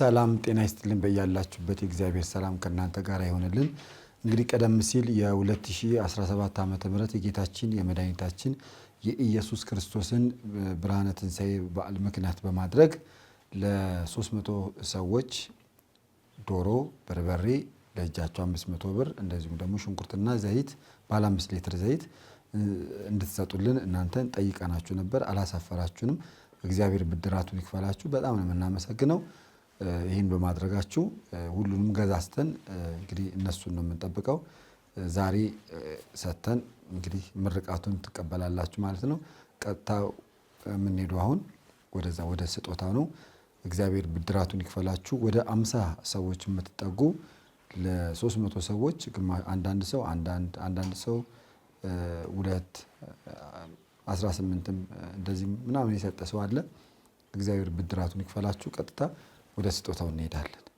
ሰላም ጤና ይስጥልን በያላችሁበት የእግዚአብሔር ሰላም ከእናንተ ጋር ይሆንልን። እንግዲህ ቀደም ሲል የ2017 ዓ ም የጌታችን የመድኃኒታችን የኢየሱስ ክርስቶስን ብርሃነ ትንሣኤ በዓል ምክንያት በማድረግ ለ300 ሰዎች ዶሮ፣ በርበሬ ለእጃቸው 500 ብር እንደዚሁም ደግሞ ሽንኩርትና ዘይት ባለ 5 ሊትር ዘይት እንድትሰጡልን እናንተን ጠይቀናችሁ ነበር። አላሳፈራችሁንም። እግዚአብሔር ብድራቱን ይክፈላችሁ። በጣም ነው የምናመሰግነው። ይህን በማድረጋችሁ ሁሉንም ገዛዝተን እንግዲህ እነሱን ነው የምንጠብቀው። ዛሬ ሰጥተን እንግዲህ ምርቃቱን ትቀበላላችሁ ማለት ነው። ቀጥታ የምንሄደው አሁን ወደዛ ወደ ስጦታ ነው። እግዚአብሔር ብድራቱን ይክፈላችሁ። ወደ አምሳ ሰዎች የምትጠጉ ለሶስት መቶ ሰዎች አንዳንድ ሰው አንዳንድ ሰው ሁለት አስራ ስምንትም እንደዚህ ምናምን የሰጠ ሰው አለ። እግዚአብሔር ብድራቱን ይክፈላችሁ። ቀጥታ ወደ ስጦታው እንሄዳለን።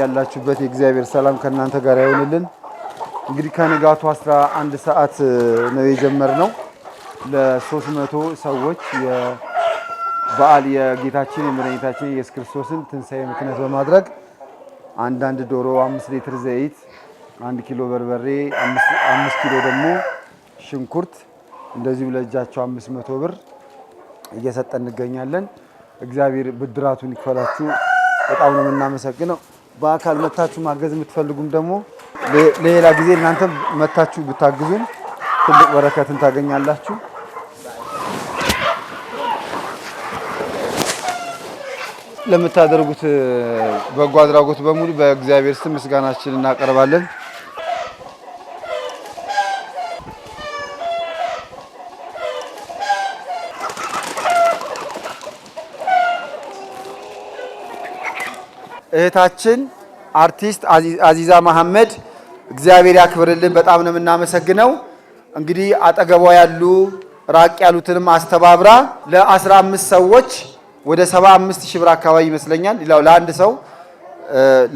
በያላችሁበት የእግዚአብሔር ሰላም ከእናንተ ጋር ይሆንልን። እንግዲህ ከንጋቱ 11 ሰዓት ነው የጀመርነው። ለ300 ሰዎች የበዓል የጌታችን የመድኃኒታችን ኢየሱስ ክርስቶስን ትንሣኤ ምክንያት በማድረግ አንዳንድ ዶሮ፣ አምስት ሊትር ዘይት፣ አንድ ኪሎ በርበሬ፣ አምስት ኪሎ ደግሞ ሽንኩርት እንደዚሁም ለእጃቸው አምስት መቶ ብር እየሰጠን እንገኛለን። እግዚአብሔር ብድራቱን ይክፈላችሁ። በጣም ነው የምናመሰግነው። በአካል መታችሁ ማገዝ የምትፈልጉም ደግሞ ለሌላ ጊዜ እናንተ መታችሁ ብታግዙን ትልቅ በረከትን ታገኛላችሁ። ለምታደርጉት በጎ አድራጎት በሙሉ በእግዚአብሔር ስም ምስጋናችን እናቀርባለን። እህታችን አርቲስት አዚዛ መሐመድ እግዚአብሔር ያክብርልን። በጣም ነው የምናመሰግነው። እንግዲህ አጠገቧ ያሉ ራቅ ያሉትንም አስተባብራ ለ15 ሰዎች ወደ 75 ሺህ ብር አካባቢ ይመስለኛል። ሌላው ለአንድ ሰው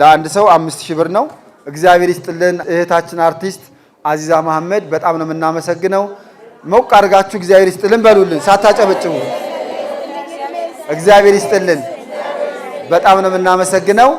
ለአንድ ሰው አምስት ሺህ ብር ነው። እግዚአብሔር ይስጥልን እህታችን አርቲስት አዚዛ መሐመድ በጣም ነው የምናመሰግነው። ሞቅ አድርጋችሁ እግዚአብሔር ይስጥልን በሉልን፣ ሳታጨበጭቡ እግዚአብሔር ይስጥልን። በጣም ነው የምናመሰግነው።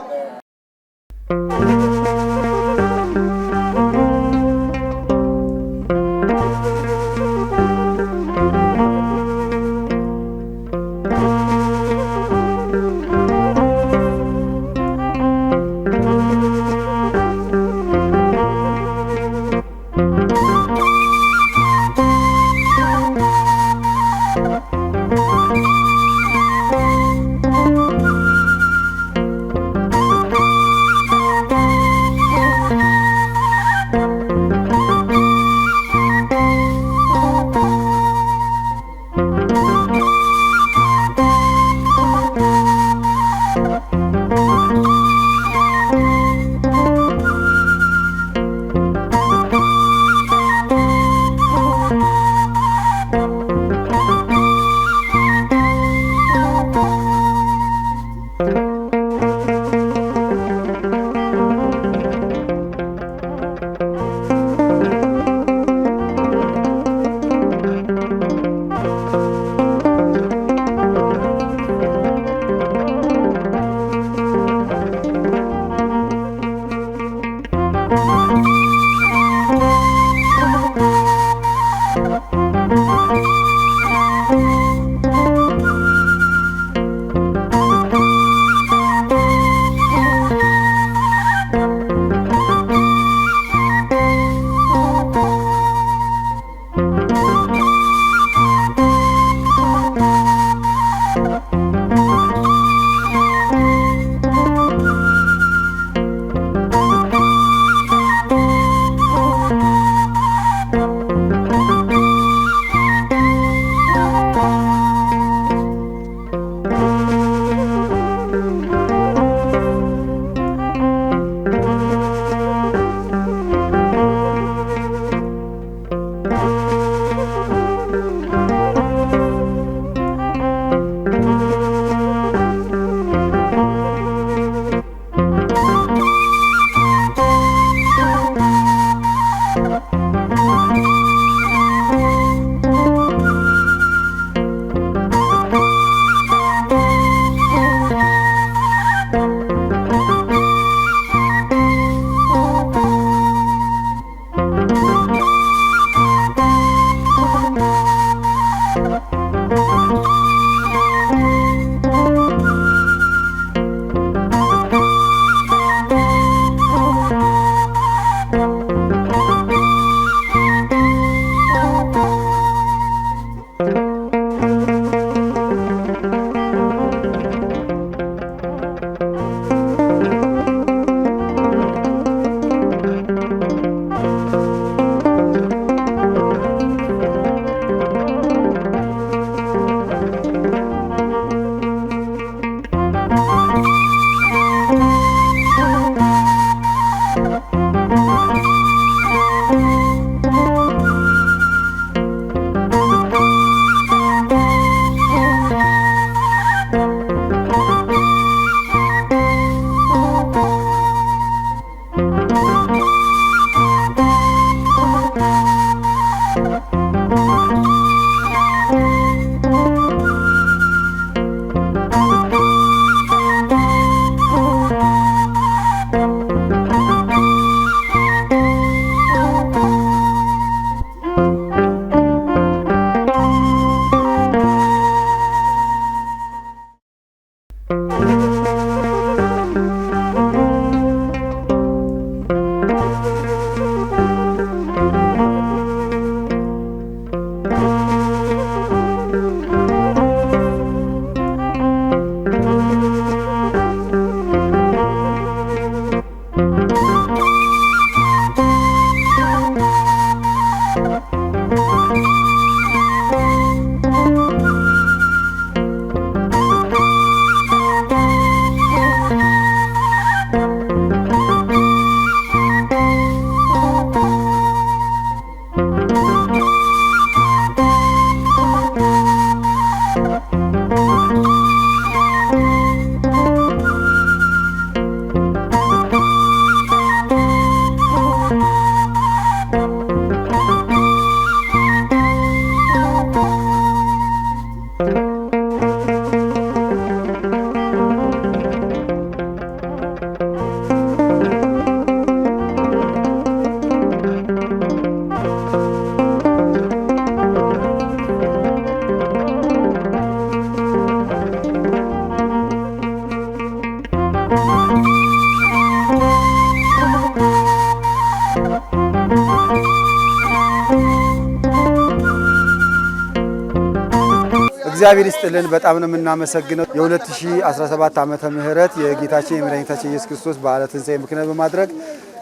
እግዚአብሔር ይስጥልን። በጣም ነው የምናመሰግነው። የ2017 ዓመተ ምህረት የጌታችን የመድኃኒታችን ኢየሱስ ክርስቶስ በዓለ ትንሣኤ ምክንያት በማድረግ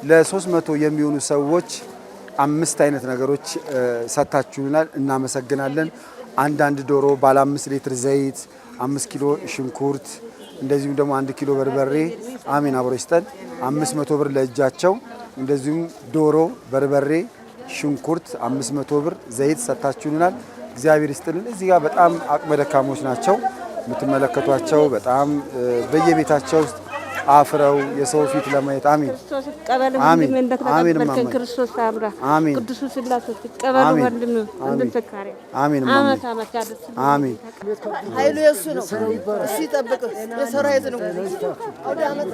ለ300 የሚሆኑ ሰዎች አምስት አይነት ነገሮች ሰጥታችሁናል። እናመሰግናለን። አንዳንድ ዶሮ፣ ባለ አምስት ሊትር ዘይት፣ አምስት ኪሎ ሽንኩርት እንደዚሁም ደግሞ አንድ ኪሎ በርበሬ አሜን አብሮ ይስጠን። አምስት መቶ ብር ለእጃቸው እንደዚሁም ዶሮ፣ በርበሬ፣ ሽንኩርት አምስት መቶ ብር ዘይት ሰጥታችሁናል። እግዚአብሔር ይስጥልን። እዚህ ጋር በጣም አቅመ ደካሞች ናቸው የምትመለከቷቸው። በጣም በየቤታቸው ውስጥ አፍረው የሰው ፊት ለማየት አሜን አሜን አሜን ቅዱስ ስላሴ ይቀበል ወንድም ወንድም ተካሪያ አሜን አመት አመት ያድርስ አሜን ኃይሉ የእሱ ነው እሱ ይጠብቅ የሰራዊት ነው አውደ አመት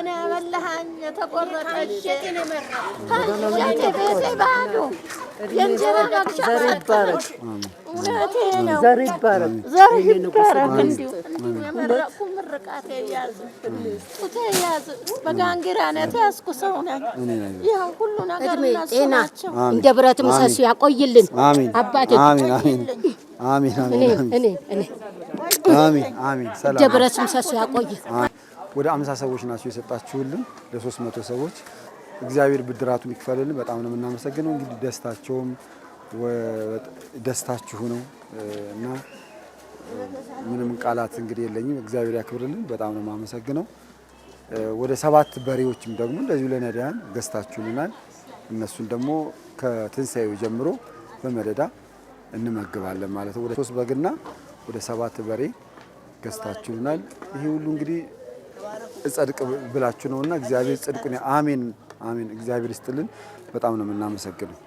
እኔ ያበላሃኝ የተቆረጠሽ ቤቴ ባዶ የእንጀራ መቅሻ ዘር ይባረክ፣ ዘር ይባረክ። እንዲሁ እንዲሁ የመረቁ ምርቃት ጡቴ የያዝ በጋንግራ ነው የተያዝኩ ሰው ነኝ። ይኸው ሁሉ ነገር እነሱ እንደ ብረት ምሰሶ ያቆይልን አባቴ። እንደ ብረት ምሰሶ ያቆይ። ወደ አምሳ ሰዎች ናቸው የሰጣችሁልን ለሶስት መቶ ሰዎች እግዚአብሔር ብድራቱን ይክፈልልን። በጣም ነው የምናመሰግነው። እንግዲህ ደስታቸውም ደስታችሁ ነው እና ምንም ቃላት እንግዲህ የለኝም። እግዚአብሔር ያክብርልን። በጣም ነው የማመሰግነው። ወደ ሰባት በሬዎችም ደግሞ እንደዚሁ ለነዳያን ገዝታችሁልናል። እነሱን ደግሞ ከትንሣኤው ጀምሮ በመደዳ እንመግባለን ማለት ነው። ወደ ሶስት በግና ወደ ሰባት በሬ ገዝታችሁልናል። ይሄ ሁሉ እንግዲህ እጸድቅ ብላችሁ ነው እና እግዚአብሔር ጽድቁን አሜን አሜን። እግዚአብሔር ይስጥልን። በጣም ነው የምናመሰግነው።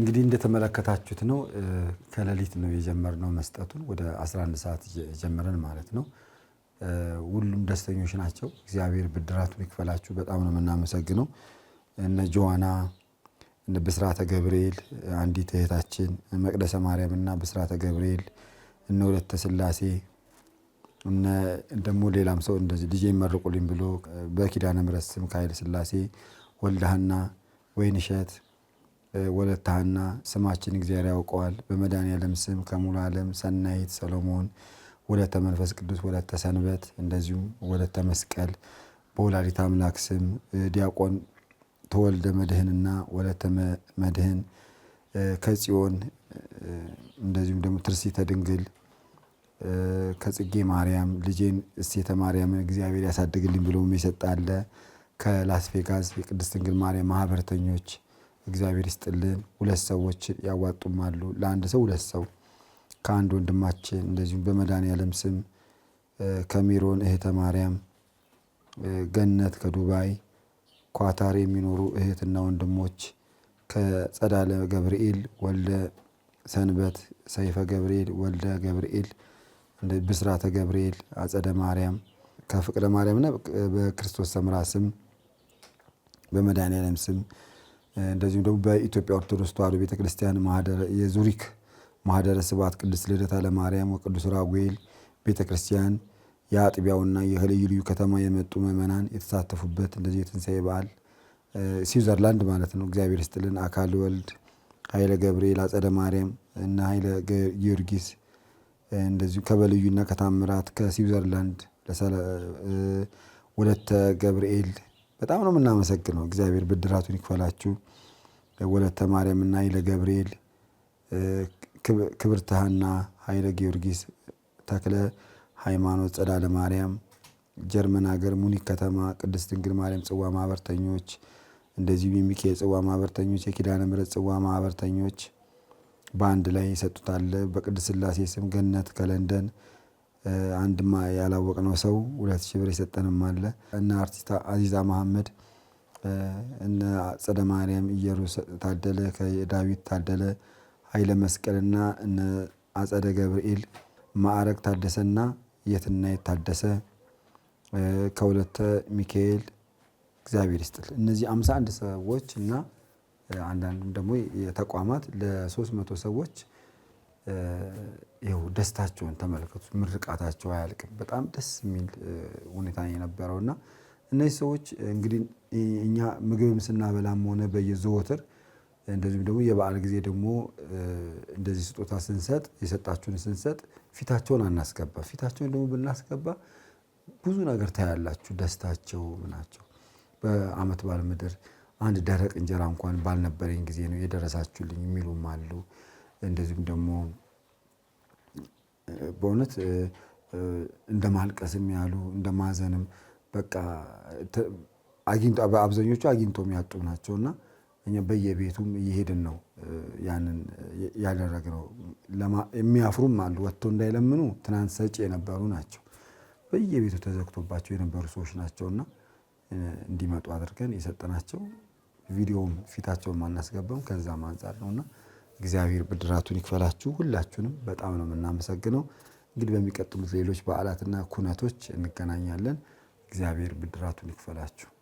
እንግዲህ እንደተመለከታችሁት ነው። ከሌሊት ነው የጀመርነው መስጠቱን ወደ 11 ሰዓት ጀመረን ማለት ነው። ሁሉም ደስተኞች ናቸው። እግዚአብሔር ብድራቱን ይክፈላችሁ። በጣም ነው የምናመሰግነው። እነ ጆዋና እነ ብስራተ ገብርኤል አንዲት እህታችን መቅደሰ ማርያም እና ብስራተ ገብርኤል እነ ሁለተ ስላሴ ደግሞ ሌላም ሰው እንደዚህ ልጄ ይመርቁልኝ ብሎ በኪዳነ ምሕረት ስም ከኃይለ ስላሴ ወልዳህና ወይንሸት ወለታህና ስማችን እግዚአብሔር ያውቀዋል። በመድኃኔዓለም ስም ከሙሉ ዓለም ሰናይት ሰሎሞን ወለተ መንፈስ ቅዱስ ወለተ ሰንበት እንደዚሁም ወለተ መስቀል በወላዲት አምላክ ስም ዲያቆን ተወልደ መድህንና ወለተ መድህን ከጽዮን እንደዚሁም ደግሞ ትርሲተ ድንግል ከጽጌ ማርያም ልጄን እሴተ ማርያምን እግዚአብሔር ያሳድግልኝ ብሎም የሰጣለ ከላስ ቬጋስ የቅድስት ድንግል ማርያም ማህበረተኞች እግዚአብሔር ይስጥልን። ሁለት ሰዎች ያዋጡማሉ። ለአንድ ሰው ሁለት ሰው ከአንድ ወንድማችን እንደዚሁም በመድኃኔዓለም ስም ከሚሮን እህተ ማርያም፣ ገነት ከዱባይ ኳታር የሚኖሩ እህትና ወንድሞች ከጸዳለ ገብርኤል ወልደ ሰንበት፣ ሰይፈ ገብርኤል ወልደ ገብርኤል፣ ብስራተ ገብርኤል፣ አጸደ ማርያም ከፍቅረ ማርያምና በክርስቶስ ሰምራ ስም በመድኃኔዓለም ስም እንደዚሁም ደግሞ በኢትዮጵያ ኦርቶዶክስ ተዋሕዶ ቤተክርስቲያን የዙሪክ ማህደረ ስብሐት ቅድስት ልደታ ለማርያም ወቅዱስ ራጉኤል ቤተክርስቲያን የአጥቢያውና የልዩ ልዩ ከተማ የመጡ ምእመናን የተሳተፉበት እንደዚህ የትንሳኤ በዓል ስዊዘርላንድ ማለት ነው። እግዚአብሔር ስጥልን አካል ወልድ ኃይለ ገብርኤል አጸደ ማርያም እና ኃይለ ጊዮርጊስ እንደዚሁ ከበልዩና ከታምራት ከስዊዘርላንድ ወለተ ገብርኤል በጣም ነው የምናመሰግነው። እግዚአብሔር ብድራቱን ይክፈላችሁ። ወለተ ና ኃይለ ገብርኤል፣ ክብርት ሐና ኃይለ ጊዮርጊስ፣ ተክለ ሃይማኖት፣ ጸዳለ ማርያም፣ ጀርመን ሀገር ሙኒክ ከተማ ቅድስት ድንግል ማርያም ጽዋ ማህበርተኞች፣ እንደዚሁም የሚካኤል ጽዋ ማህበርተኞች፣ የኪዳነ ምሕረት ጽዋ ማህበርተኞች በአንድ ላይ ይሰጡታል። በቅድስት ስላሴ ስም ገነት ከለንደን አንድማ ያላወቅነው ሰው ሁለት ሺህ ብር የሰጠንም አለ። እነ አርቲስት አዚዛ መሐመድ እነ አጸደ ማርያም እየሩ ታደለ ከዳዊት ታደለ ኃይለ መስቀልና እነ አጸደ ገብርኤል ማዕረግ ታደሰና የትና ታደሰ ከሁለተ ሚካኤል እግዚአብሔር ይስጥል። እነዚህ አምሳ አንድ ሰዎች እና አንዳንዱም ደግሞ የተቋማት ለሶስት መቶ ሰዎች ይኸው ደስታቸውን ተመልከቱ። ምርቃታቸው አያልቅም። በጣም ደስ የሚል ሁኔታ የነበረው እና እነዚህ ሰዎች እንግዲህ እኛ ምግብም ስናበላም ሆነ በየዘወትር እንደዚሁም ደግሞ የበዓል ጊዜ ደግሞ እንደዚህ ስጦታ ስንሰጥ የሰጣችሁን ስንሰጥ ፊታቸውን አናስገባ። ፊታቸውን ደግሞ ብናስገባ ብዙ ነገር ታያላችሁ። ደስታቸው ምናቸው። በዓመት በዓል ምድር አንድ ደረቅ እንጀራ እንኳን ባልነበረኝ ጊዜ ነው የደረሳችሁልኝ የሚሉም አሉ። እንደዚሁም ደግሞ በእውነት እንደ ማልቀስም ያሉ እንደ ማዘንም በቃ አግኝቶ አብዛኞቹ አግኝቶ የሚያጡ ናቸው እና እኛ በየቤቱም እየሄድን ነው ያንን ነው የሚያፍሩም አሉ ወጥቶ እንዳይለምኑ ትናንት ሰጪ የነበሩ ናቸው። በየቤቱ ተዘግቶባቸው የነበሩ ሰዎች ናቸውና እንዲመጡ አድርገን የሰጠናቸው ቪዲዮም ፊታቸውን አናስገባም። ከዛም አንጻር ነውና እግዚአብሔር ብድራቱን ይክፈላችሁ። ሁላችሁንም በጣም ነው የምናመሰግነው። እንግዲህ በሚቀጥሉት ሌሎች በዓላትና ኩነቶች እንገናኛለን። እግዚአብሔር ብድራቱን ይክፈላችሁ።